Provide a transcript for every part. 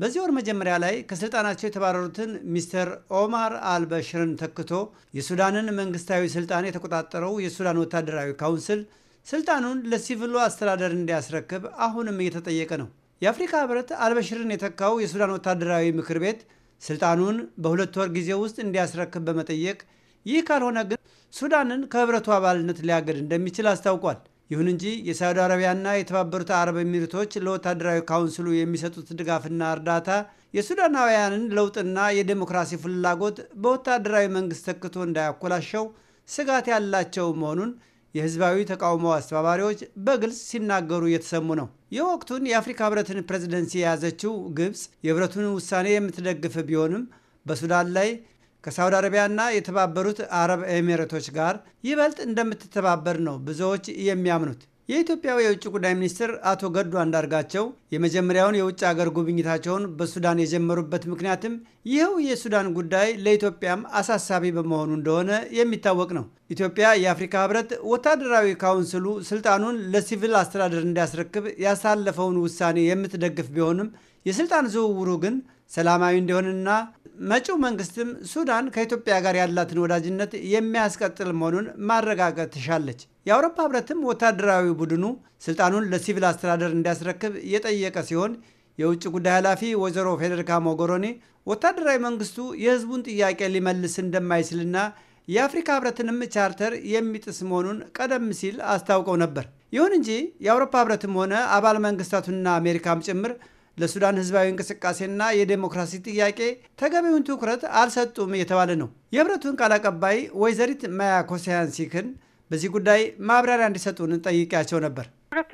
በዚህ ወር መጀመሪያ ላይ ከስልጣናቸው የተባረሩትን ሚስተር ኦማር አልበሽርን ተክቶ የሱዳንን መንግስታዊ ስልጣን የተቆጣጠረው የሱዳን ወታደራዊ ካውንስል ስልጣኑን ለሲቪሉ አስተዳደር እንዲያስረክብ አሁንም እየተጠየቀ ነው። የአፍሪካ ህብረት አልበሽርን የተካው የሱዳን ወታደራዊ ምክር ቤት ስልጣኑን በሁለት ወር ጊዜ ውስጥ እንዲያስረክብ በመጠየቅ ይህ ካልሆነ ግን ሱዳንን ከህብረቱ አባልነት ሊያገድ እንደሚችል አስታውቋል። ይሁን እንጂ የሳዑዲ አረቢያና የተባበሩት አረብ ኤሚሬቶች ለወታደራዊ ካውንስሉ የሚሰጡት ድጋፍና እርዳታ የሱዳናውያንን ለውጥና የዴሞክራሲ ፍላጎት በወታደራዊ መንግስት ተክቶ እንዳያኮላሸው ስጋት ያላቸው መሆኑን የህዝባዊ ተቃውሞ አስተባባሪዎች በግልጽ ሲናገሩ እየተሰሙ ነው። የወቅቱን የአፍሪካ ህብረትን ፕሬዝደንሲ የያዘችው ግብፅ የህብረቱን ውሳኔ የምትደግፍ ቢሆንም በሱዳን ላይ ከሳውዲ አረቢያና የተባበሩት አረብ ኤሚሬቶች ጋር ይበልጥ እንደምትተባበር ነው ብዙዎች የሚያምኑት። የኢትዮጵያው የውጭ ጉዳይ ሚኒስትር አቶ ገዱ አንዳርጋቸው የመጀመሪያውን የውጭ አገር ጉብኝታቸውን በሱዳን የጀመሩበት ምክንያትም ይኸው የሱዳን ጉዳይ ለኢትዮጵያም አሳሳቢ በመሆኑ እንደሆነ የሚታወቅ ነው። ኢትዮጵያ የአፍሪካ ሕብረት ወታደራዊ ካውንስሉ ስልጣኑን ለሲቪል አስተዳደር እንዲያስረክብ ያሳለፈውን ውሳኔ የምትደግፍ ቢሆንም የስልጣን ዝውውሩ ግን ሰላማዊ እንዲሆንና መጪው መንግስትም ሱዳን ከኢትዮጵያ ጋር ያላትን ወዳጅነት የሚያስቀጥል መሆኑን ማረጋገጥ ትሻለች። የአውሮፓ ህብረትም ወታደራዊ ቡድኑ ስልጣኑን ለሲቪል አስተዳደር እንዲያስረክብ የጠየቀ ሲሆን የውጭ ጉዳይ ኃላፊ ወይዘሮ ፌዴሪካ ሞጎሮኒ ወታደራዊ መንግስቱ የህዝቡን ጥያቄ ሊመልስ እንደማይችልና የአፍሪካ ህብረትንም ቻርተር የሚጥስ መሆኑን ቀደም ሲል አስታውቀው ነበር። ይሁን እንጂ የአውሮፓ ህብረትም ሆነ አባል መንግስታቱና አሜሪካም ጭምር ለሱዳን ህዝባዊ እንቅስቃሴና የዴሞክራሲ ጥያቄ ተገቢውን ትኩረት አልሰጡም እየተባለ ነው። የህብረቱን ቃል አቀባይ ወይዘሪት ማያ ሲክን በዚህ ጉዳይ ማብራሪያ እንዲሰጡን ጠይቄያቸው ነበር። uh,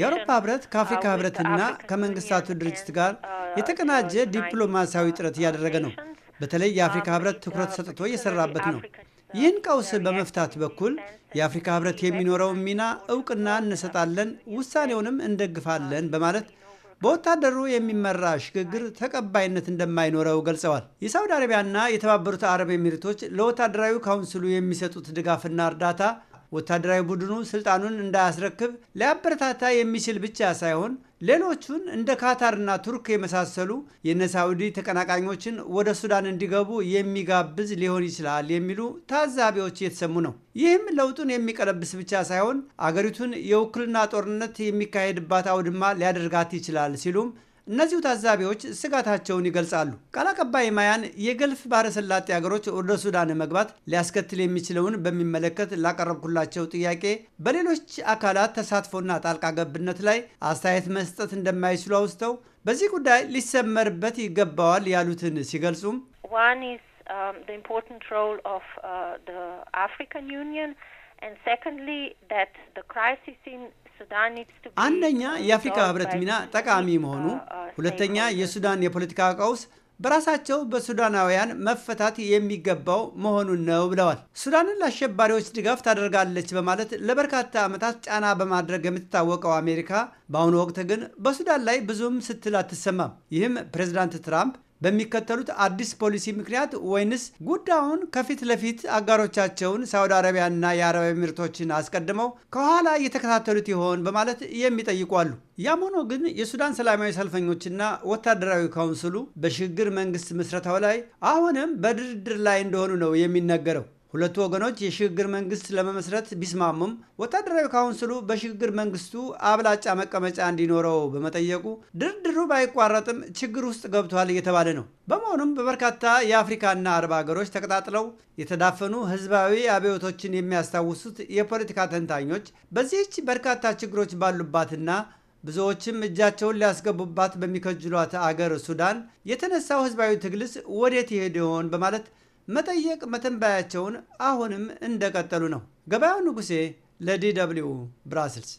የአውሮፓ ህብረት ከአፍሪካ uh, ህብረትና ከመንግስታቱ ድርጅት ጋር uh, የተቀናጀ ዲፕሎማሲያዊ ጥረት እያደረገ ነው። በተለይ የአፍሪካ ህብረት ትኩረት ሰጥቶ እየሰራበት ነው። ይህን ቀውስ በመፍታት በኩል የአፍሪካ ህብረት የሚኖረውን ሚና እውቅና እንሰጣለን፣ ውሳኔውንም እንደግፋለን በማለት በወታደሩ የሚመራ ሽግግር ተቀባይነት እንደማይኖረው ገልጸዋል። የሳውዲ አረቢያና የተባበሩት አረብ ኤሚሬቶች ለወታደራዊ ካውንስሉ የሚሰጡት ድጋፍና እርዳታ ወታደራዊ ቡድኑ ስልጣኑን እንዳያስረክብ ሊያበረታታ የሚችል ብቻ ሳይሆን ሌሎቹን እንደ ካታርና ቱርክ የመሳሰሉ የነሳውዲ ተቀናቃኞችን ወደ ሱዳን እንዲገቡ የሚጋብዝ ሊሆን ይችላል የሚሉ ታዛቢዎች እየተሰሙ ነው። ይህም ለውጡን የሚቀለብስ ብቻ ሳይሆን አገሪቱን የውክልና ጦርነት የሚካሄድባት አውድማ ሊያደርጋት ይችላል ሲሉም እነዚሁ ታዛቢዎች ስጋታቸውን ይገልጻሉ። ቃል አቀባይ ማያን የገልፍ ባህረ ሰላጤ ሀገሮች ወደ ሱዳን መግባት ሊያስከትል የሚችለውን በሚመለከት ላቀረብኩላቸው ጥያቄ በሌሎች አካላት ተሳትፎና ጣልቃ ገብነት ላይ አስተያየት መስጠት እንደማይችሉ አውስተው በዚህ ጉዳይ ሊሰመርበት ይገባዋል ያሉትን ሲገልጹም አንደኛ የአፍሪካ ህብረት ሚና ጠቃሚ uh, መሆኑ፣ uh, ሁለተኛ የሱዳን የፖለቲካ ቀውስ በራሳቸው በሱዳናውያን መፈታት የሚገባው መሆኑን ነው ብለዋል። ሱዳንን ለአሸባሪዎች ድጋፍ ታደርጋለች በማለት ለበርካታ ዓመታት ጫና በማድረግ የምትታወቀው አሜሪካ በአሁኑ ወቅት ግን በሱዳን ላይ ብዙም ስትል አትሰማም። ይህም ፕሬዚዳንት ትራምፕ በሚከተሉት አዲስ ፖሊሲ ምክንያት ወይንስ ጉዳዩን ከፊት ለፊት አጋሮቻቸውን ሳውዲ አረቢያና የአረብ ኤሚሬቶችን አስቀድመው ከኋላ እየተከታተሉት ይሆን በማለት የሚጠይቁ አሉ። ያም ሆኖ ግን የሱዳን ሰላማዊ ሰልፈኞችና ወታደራዊ ካውንስሉ በሽግግር መንግስት ምስረታው ላይ አሁንም በድርድር ላይ እንደሆኑ ነው የሚነገረው። ሁለቱ ወገኖች የሽግግር መንግስት ለመመስረት ቢስማሙም ወታደራዊ ካውንስሉ በሽግግር መንግስቱ አብላጫ መቀመጫ እንዲኖረው በመጠየቁ ድርድሩ ባይቋረጥም ችግር ውስጥ ገብቷል እየተባለ ነው። በመሆኑም በበርካታ የአፍሪካና አረብ ሀገሮች ተቀጣጥለው የተዳፈኑ ህዝባዊ አብዮቶችን የሚያስታውሱት የፖለቲካ ተንታኞች በዚህች በርካታ ችግሮች ባሉባትና ብዙዎችም እጃቸውን ሊያስገቡባት በሚከጅሏት አገር ሱዳን የተነሳው ህዝባዊ ትግልስ ወዴት ይሄድ ይሆን በማለት መጠየቅ መተንበያቸውን አሁንም እንደቀጠሉ ነው። ገበያው ንጉሴ ለዲ ደብልዩ ብራስልስ